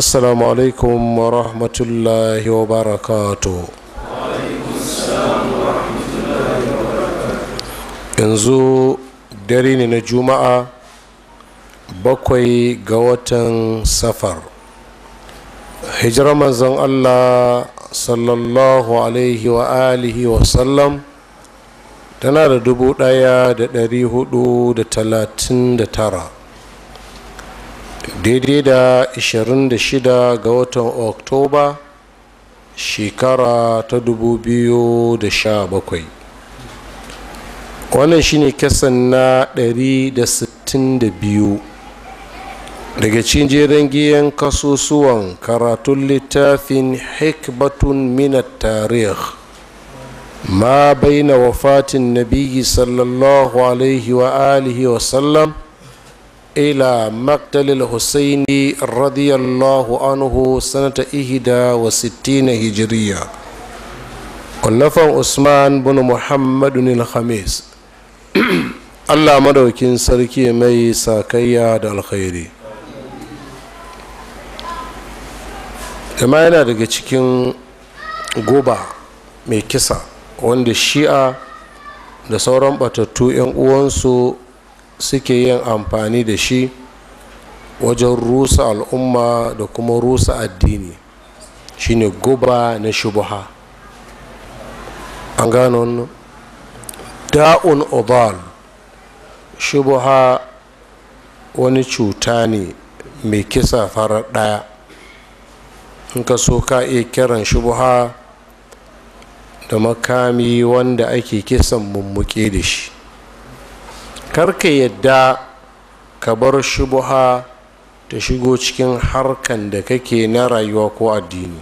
assalamu alaikum wa rahmatullahi wa barakatu yanzu dare ne na juma'a bakwai ga watan safar hijirar manzon allah sallallahu alaihi wa alihi wa sallam tana da dubu ɗaya da dari hudu da talatin da tara daidai da 26 ga watan oktoba shekara ta 2017 wannan shine kasan na 162 daga cikin jerin giyan kasusuwan karatun littafin hikbatun minat tarih ma bai baina wafatin nabi sallallahu alaihi wa alihi wa ila maktalil Hussaini radiyallahu anhu sanata ihida wa sittina hijiriya kullafan usman bin muhammadun al-khamis allah madaukin sarki mai sakayya da alkhairi kuma yana daga cikin guba mai kisa wanda shi'a da sauran batattu 'yan uwansu suke yin amfani da shi wajen rusa al'umma da kuma rusa addini shine guba na shubuha an gano da'un obal shubuha wani cuta ne mai kisa farar ɗaya in ka so ka iya kiran shubuha da makami wanda ake kisan mummuke da shi karka yadda ka bar shubuha ta shigo cikin harkan da kake na rayuwa ko addini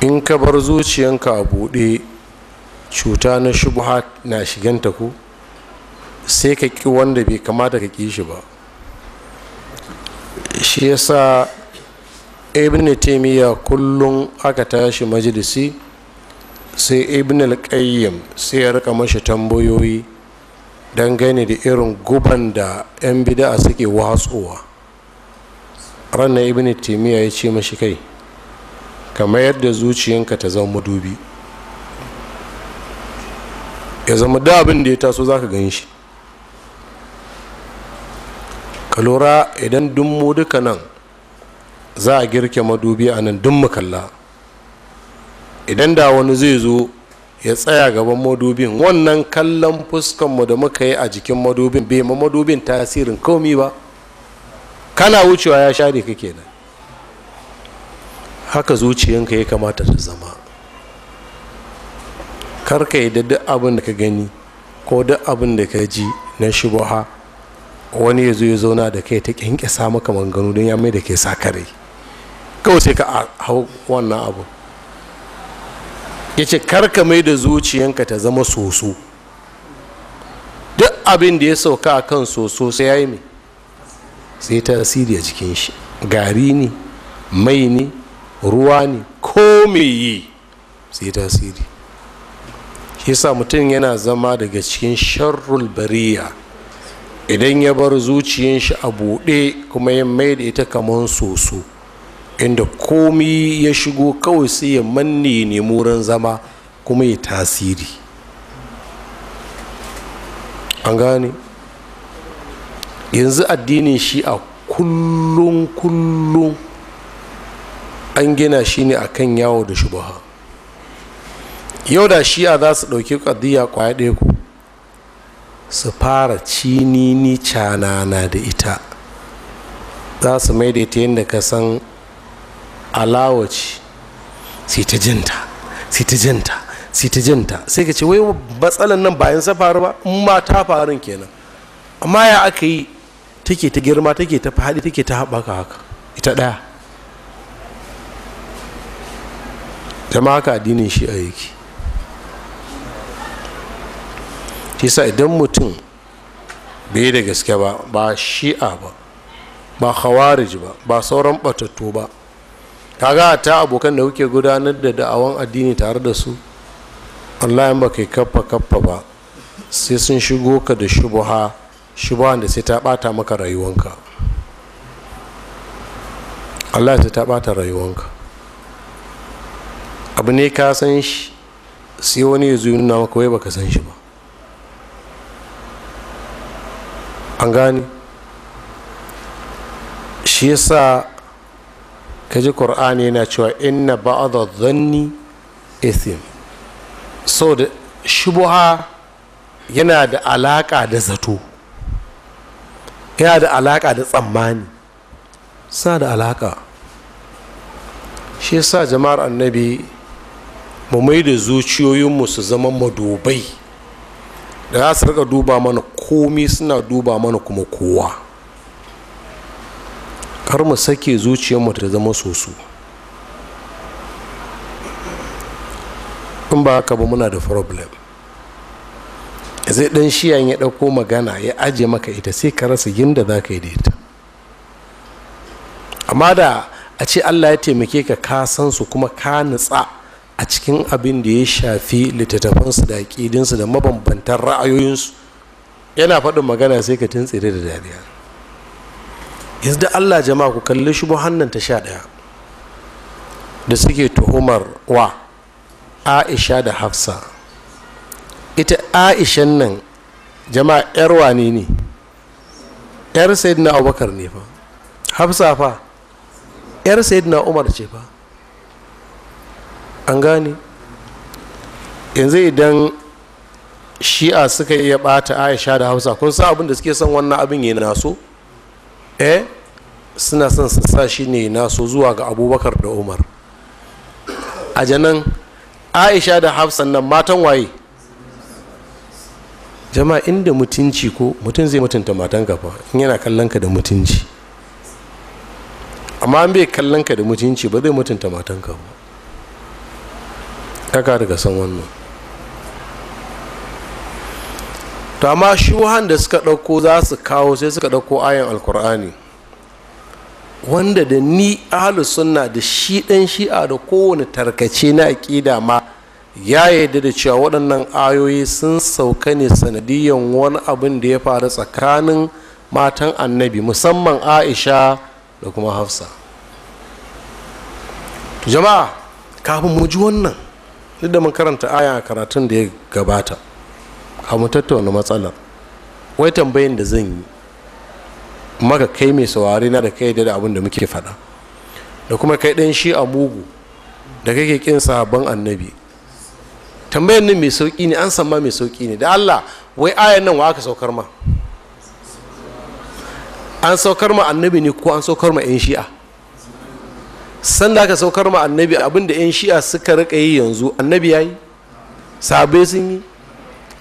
in ka bar zuciyanka a buɗe cuta na shubuha na shiganta ku sai ka ƙi wanda bai kamata ka ƙi shi ba shi yasa ibn taimiyya kullum aka tashi majalisi sai ibn al sai ya rika mashi tambayoyi dangane da irin guban da 'yan bida'a suke watsowa ranar ibn taimiyya ya ce mashi kai kamar yadda zuciyanka ta zama dubi ya zama da abin da ya taso za ka gan shi ka lura idan dummu duka nan za a girke madubi a nan dummu kalla idan da wani zai zo ya tsaya gaban madubin wannan kallon fuskanmu da muka yi a jikin madubin bai ma madubin tasirin komi ba kana wucewa ya share ka nan haka zuciyanka ya kamata ta zama karka yi da duk abin da ka gani ko duk abin da ka ji na shubuha wani ya zo ya zauna da kai ta kyankyasa maka manganu don ya mai da ke sa kare kawai sai ka hau wannan abu ya ce karka mai da zuciyanka ta zama soso duk abin da ya sauka a kan soso sai ya yi mai sai ta asiri a jikin shi gari ne mai ne ruwa ne ko mai yi sai ta asiri shi sa mutum yana zama daga cikin sharrul bariya idan ya bar zuciyar shi a buɗe kuma ya mai da ita kamar soso inda komi ya shigo kawai sai ya manne ne wurin zama kuma ya tasiri an gane yanzu addinin shi a kullum kullum an gina shi ne a kan yawo da shubaha yau da shi'a za su ɗauki ƙaddiya kwaya ku su fara cinini canana da ita za su mai da ita yadda ka san alawa ce sai ta jinta sai ta jinta sai ta jinta sai ka ce wai matsalan nan bayan safari ba in ma ta farin kenan amma ya aka yi take ta girma take ta faɗi take ta haɓaka haka ita ɗaya jama'a haka addinin shi a yake shi sa idan mutum bai da gaske ba ba shi'a ba ba khawarij ba ba sauran batattu ba kaga ta abokan da kuke gudanar da da'awan addini tare da su Allah ba baka kaffa kaffa ba sai sun shigo ka da shubuha shubuhan da sai ta bata maka rayuwanka Allah sai ta bata rayuwanka abu ne ka san shi sai wani ya zuyi nuna maka wai baka san shi ba an gane shi yasa ka ji ƙur'ani yana cewa inna a zanni isim so da shubuha yana da alaƙa da zato yana da alaƙa da tsammani sa da alaƙa shi sa jama'ar annabi mu mai da zuciyoyinmu su zama madubai da za su rika duba mana komi suna duba mana kuma kowa kar mu sake zuciyarmu ta zama soso in ba haka ba muna da problem zai dan shiyan ya ɗauko magana ya ajiye maka ita sai ka rasa yinda za ka yi da ita amma da a ce allah ya taimake ka ka san su kuma ka nutsa a cikin abin da ya shafi littattafansu da aƙidinsu da mabambantan ra'ayoyinsu yana faɗin magana sai ka tuntsire da dariya yanzu da allah jama'a ku kalli bu hannun ta sha ɗaya da suke tuhumar wa aisha da hafsa ita aishan nan jama'a yar wane ne yar sayyidina abubakar ne fa hafsa fa yar sayyidina umar ce fa an gane yanzu idan shi'a suka iya bata aisha da hausa kun san abin da suke son wannan abin ya naso eh suna son su sa shi ne naso zuwa ga abubakar da umar a janan aisha da hafsan nan matan waye jama'a inda mutunci ko mutum zai mutunta matan fa in yana kallon ka da mutunci amma an bai kallon ka da mutunci ba zai mutunta matan ka ba kaka daga san wannan to amma shuhan da suka ɗauko za su kawo sai suka ɗauko ayan alkur'ani wanda da ni ahalus sunna da shi ɗan shi'a da kowane tarkace na aƙida ma ya yarda da cewa waɗannan ayoyi sun sauka ne sanadiyan wani abin da ya faru tsakanin matan annabi musamman aisha da kuma hafsa jama'a kafin mu ji wannan duk da mun karanta aya karatun da ya gabata kamu tattauna matsalar wai tambayin da zan yi maka kai mai saurari na da kai da abin da muke faɗa da kuma kai ɗan shi a mugu da kake kin sahabban annabi tambayar nan mai sauƙi ne an san ma mai sauƙi ne da allah wai ayan nan wa aka saukar ma an saukar ma annabi ne ko an saukar ma 'yan shi'a sanda aka saukar ma annabi abinda 'yan shi'a suka rika yi yanzu annabi ya yi sabai sun yi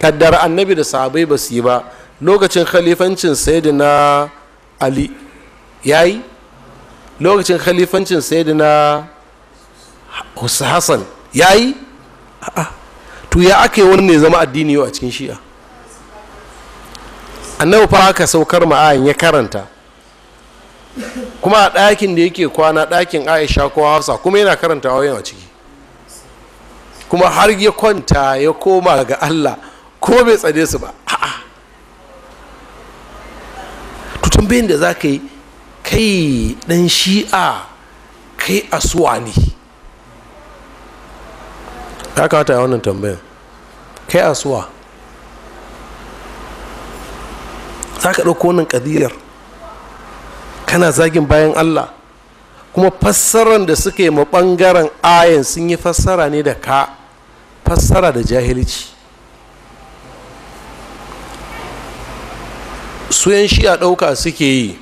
Kaddara annabi da sahabai ba su yi ba lokacin khalifancin sayyidina ali ya yi lokacin khalifancin sayyidina hassan ya yi tu ya aka yi wani ne zama addini yau a cikin shi'a annabi fa aka saukar ma'ayin ya karanta kuma a ɗakin da yake kwana ɗakin aisha ko hafsa kuma yana karanta wayan a ciki kuma har ya kwanta ya koma ga allah ko bai tsane su ba a'a to tambayin da za ka yi kai dan shi'a kai asuwa ne ya kawata wannan tambayin kai asuwa za ka ɗauko wannan ƙadiyar kana zagin bayan allah kuma fassarar da suka yi ma ɓangaren ayan sun yi fassara ne da ka fassara da jahilci su yan shi'a ɗauka suke yi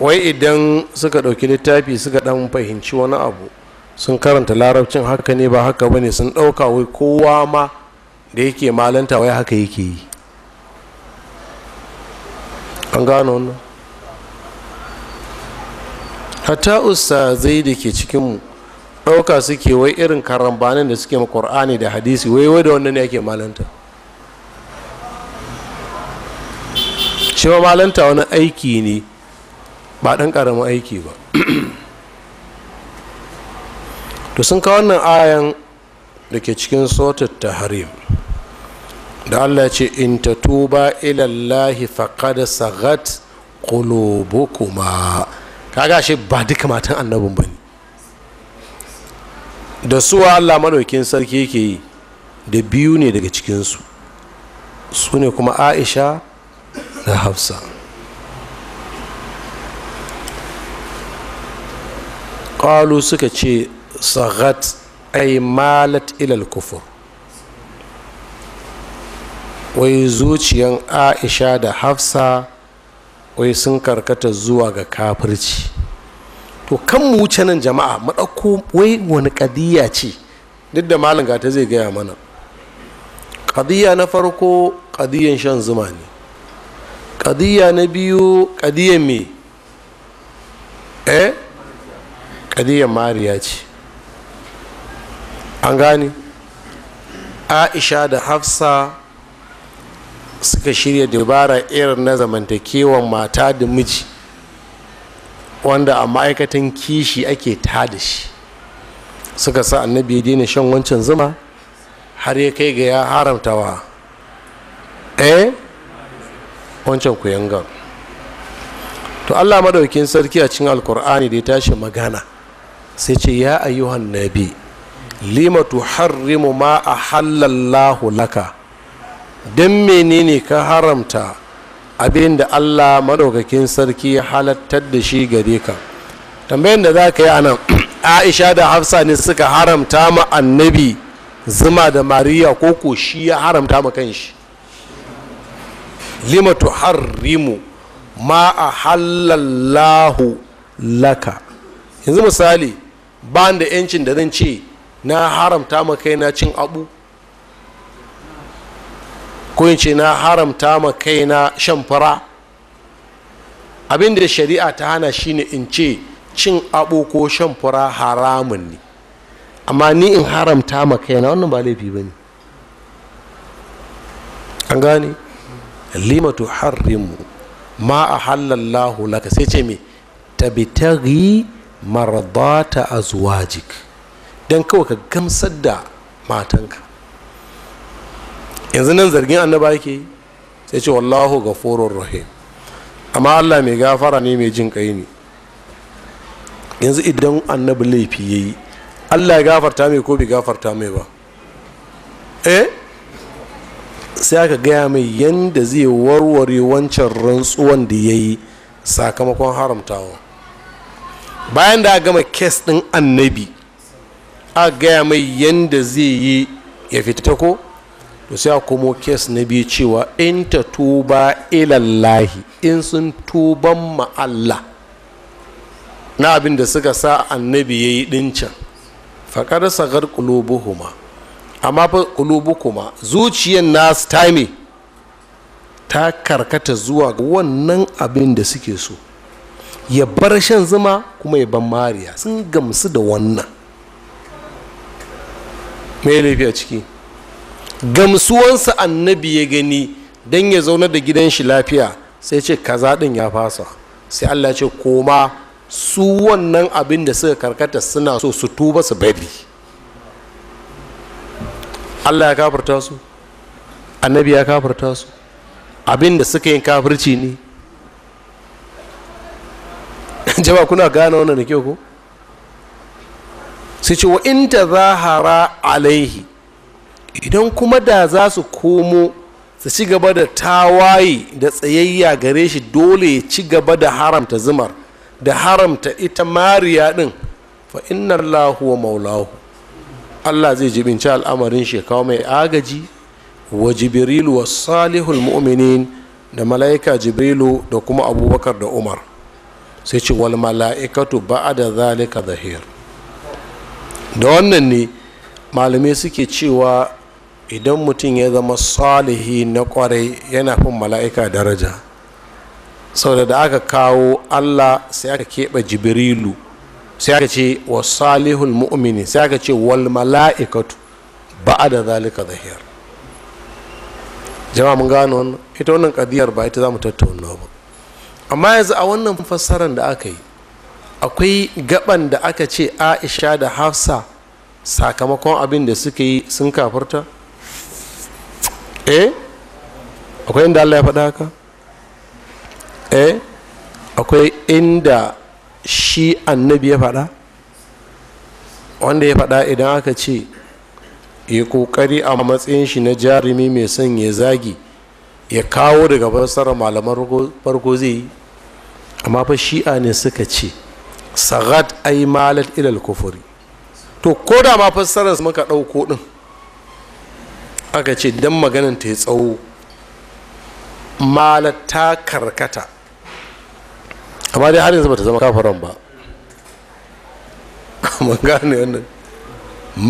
wai idan suka ɗauki littafi suka ɗan fahimci wani abu sun karanta larabcin haka ne ba haka bane sun ɗauka wai kowa ma da yake malanta wai haka yake yi an gano wannan hatta ustazai da ke cikinmu ɗauka suke wai irin karambanin da suke ma ƙur'ani da hadisi wai wai da wannan ne ake malanta shi malanta wani aiki ne ba ɗan ƙaramin aiki ba to sun ka wannan ayan da ke cikin sotar tahrim da allah ce in ta tuba ilallahi faqad sagat kuma kaga shi ba duka matan annabin ne da suwa allah madaukin sarki yake yi da biyu ne daga cikinsu su ne kuma aisha da hafsa ƙwalu suka ce sagat ai malat ilal kufur wai zuciyan aisha da hafsa wai sun karkata zuwa ga kafirci to kan mu wuce nan jama'a maɗauko wai wani ƙadiyya ce duk da malin ta zai gaya mana ƙadiyya na farko ƙadiyyan shan zuma ne ƙadiyya na biyu ƙadiyyar me eh ƙadiyyar mariya ce an gani aisha da hafsa suka shirya dabara irin na zamantakewan mata da miji wanda a ma'aikatan kishi ake tada shi suka sa annabi ya daina shan wancan zuma har ya kai ga ya haramtawa eh wancan kuyangan to allah madaukin sarki a cikin alkur'ani da ya tashi magana sai ce ya ayyuhan nabi lima tuharrimu ma a halallahu laka don menene ka haramta abin da allah Maɗaukakin sarki ya halattar da shi gare ka tambayin da za ka yi anan aisha da hafsa ne suka haramta ma annabi zuma da mariya ko ko shi ya haramta ma shi. lima tuharrimu ma a halallahu laka yanzu misali ba da yancin da zan ce na haramta ma kaina cin abu ko in ce na haramta ma kaina shan fara abinda da shari'a ta hana shine in ce cin abu ko shan fara haramun ne amma ni in haramta ma kaina wannan ba laifi ba ne an gane limatu harrimu ma a halallahu laka sai ce mai tabitaghi maradata azwajik don kawai ka gamsar da matanka yanzu nan zargin annaba yake sai ce wallahu foron rahim amma Allah mai gafara ne mai jin kai ne yanzu idan annabi laifi yayi Allah ya gafarta mai ko bai gafarta mai ba eh sai aka gaya mai yadda zai warware wancan rantsuwan da ya yi sakamakon haramtawa bayan da a gama kes ɗin annabi a gaya mai yadda zai yi ya fita ko to sai a komo kes na biyu cewa in ta tuba ilallahi in sun tuban ma'alla na abin da suka sa annabi ya yi ɗincan faƙar sagar ƙulubuhuma amma fa kulubu kuma zuciyar nasu ta ta karkata zuwa wannan abin da suke so ya bar shan zuma kuma ya ban mariya sun gamsu da wannan mai laifi a ciki gamsuwansa annabi ya gani don ya zauna da gidan shi lafiya sai ce kaza din ya fasa sai allah ce koma su wannan abin da suka karkata suna so su tuba su bari allah ya kafarta su annabi ya kafarta su abinda suka yin kafirci ne jama kuna gane wannan da kyau ko su ce wa in ta zahara alaihi idan kuma da za su komo su ci gaba da tawaye da tsayayya gare shi dole ya ci gaba da haramta zumar da haramta ita mariya din fa inna wa maulahu allah zai jibinci al'amarin shi kawo mai agaji wa jibrilu wa salihul mu'minin da mala'ika jibrilu da kuma abubakar da umar sai ce wal mala'ikatu da zalika zahir da wannan ne malamai suke cewa idan mutum ya zama salihi na kwarai yana fin mala'ika daraja sau da aka kawo allah sai aka keɓe jibrilu sai aka ce wa salihul mu'mini sai aka ce wal mala'ikatu da zalika zahiyar jama'a mun gano wannan ita wannan kadiyar ba ita za mu tattauna ba amma yanzu a wannan fassarar da aka yi akwai gaban da aka ce aisha da hafsa sakamakon abin da suka yi sun kafarta eh akwai inda allah ya faɗa haka eh akwai inda shi annabi ya faɗa wanda ya faɗa idan aka ce ya ƙoƙari a matsayin shi na jarumi mai son ya zagi ya kawo daga fassarar malaman farko zai yi amma fa shi'a ne suka ce sagat ai malat ilal kufuri to ko da ma fassarar muka ɗauko ɗin aka ce don maganin ta yi tsawo malat ta karkata amma dai har yanzu bata zama kafaran ba mun gane wannan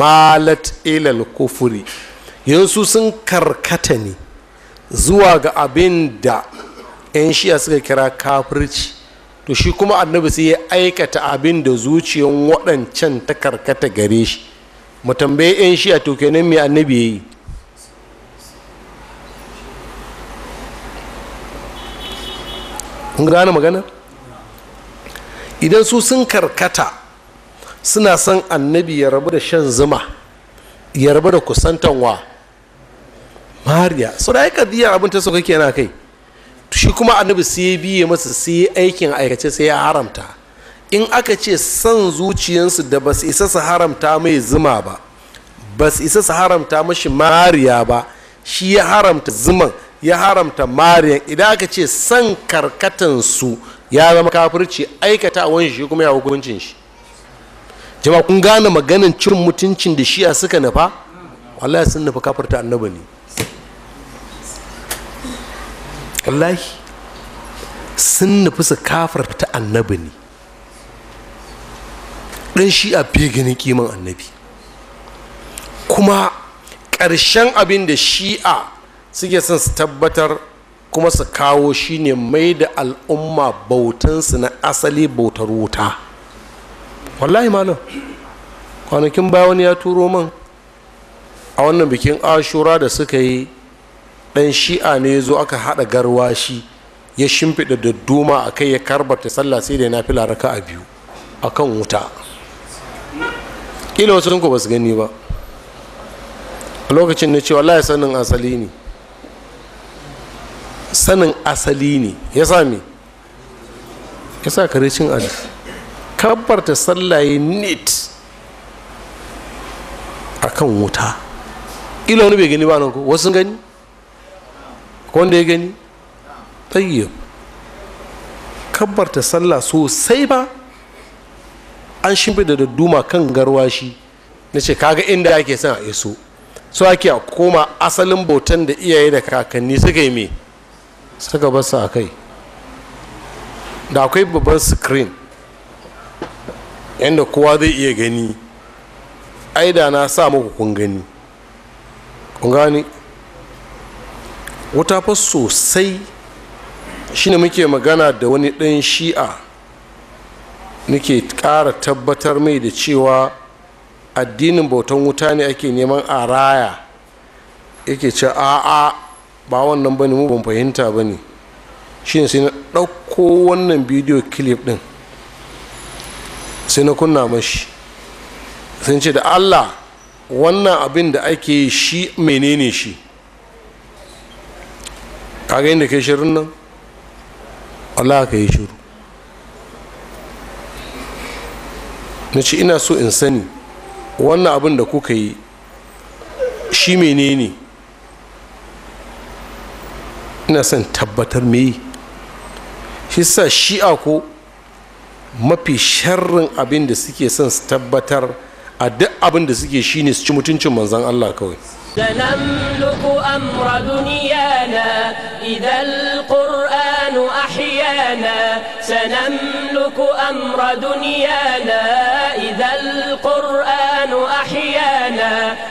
malat ilal kufuri yanzu sun karkata ne zuwa ga abin da 'yan shiya suka kira kafirci to shi kuma annabi sai ya aikata abin da zuciyan waɗancan ta karkata gare shi mu tambaye 'yan shiya to kenan mai annabi ya yi gane magana idan su sun karkata suna son annabi ya rabu da shan zuma ya rabu da kusantanwa mariya su da aika biya abin ta sauka kenan kai shi kuma annabi su ya biye masa su yi aikin aikace sai ya haramta in aka ce son zuciyansu da ba su isa su haramta mai zuma ba ba su isa su haramta mashi mariya ba shi ya haramta zuman ya haramta mariyan idan aka ce son karkatansu ya zama kafirci aikata wani shi kuma ya hukuncin shi jama kun gane maganin cin mutuncin da shi'a suka nufa wallahi sun nufa kafirta annaba ne wallahi sun nufi su kafirta annabi ne ɗan shi'a fiye ganin kiman annabi kuma ƙarshen abin da shi'a suke son su tabbatar kuma su kawo shine mai da al'umma bautansu na asali bautar wuta wallahi malam kwanakin baya wani ya turo man a wannan bikin ashura da suka yi dan shi'a ne ya zo aka haɗa garwashi ya shimfiɗa da duma a kai ya karbata sallah sai da na nafi raka a biyu a kan wuta ƙila wasu ku ba su gani ba a lokacin na cewa ya sanin asali ne sanin asali ne ya sami ya sa kare cin aji kabbarta sallaye nit a kan wuta ila wani bai gani ba nan ko wasu gani ko wanda ya gani tsayyab kabbarta sallah sosai ba an shimfida da duma kan garwashi na ce kaga inda ake son a iso so ake a koma asalin bautan da iyaye da kakanni suka yi mai suka basu a kai da akwai babban screen yadda kowa zai iya gani ai da na sa muku kun gani kun gani wata fa sosai shine muke magana da wani ɗan shi'a nake ƙara tabbatar mai da cewa addinin bautan wuta ne ake neman araya raya yake ce a'a ba wannan bane mu ban fahimta bane shine sai na ɗauko wannan bidiyo clip ɗin sai na kunna mashi sun ce da allah wannan abin da ake yi shi menene shi kaga inda kai shirin nan allah ka yi shiru na ce ina so in sani wannan abin da kuka yi shi menene ne ina son tabbatar me shi shi'a ko mafi sharrin abin da suke son su tabbatar a duk abin da suke shine su ci mutuncin manzan Allah kawai سنملك أمر دنيانا إذا القرآن أحيانا سنملك أمر دنيانا إذا القرآن أحيانا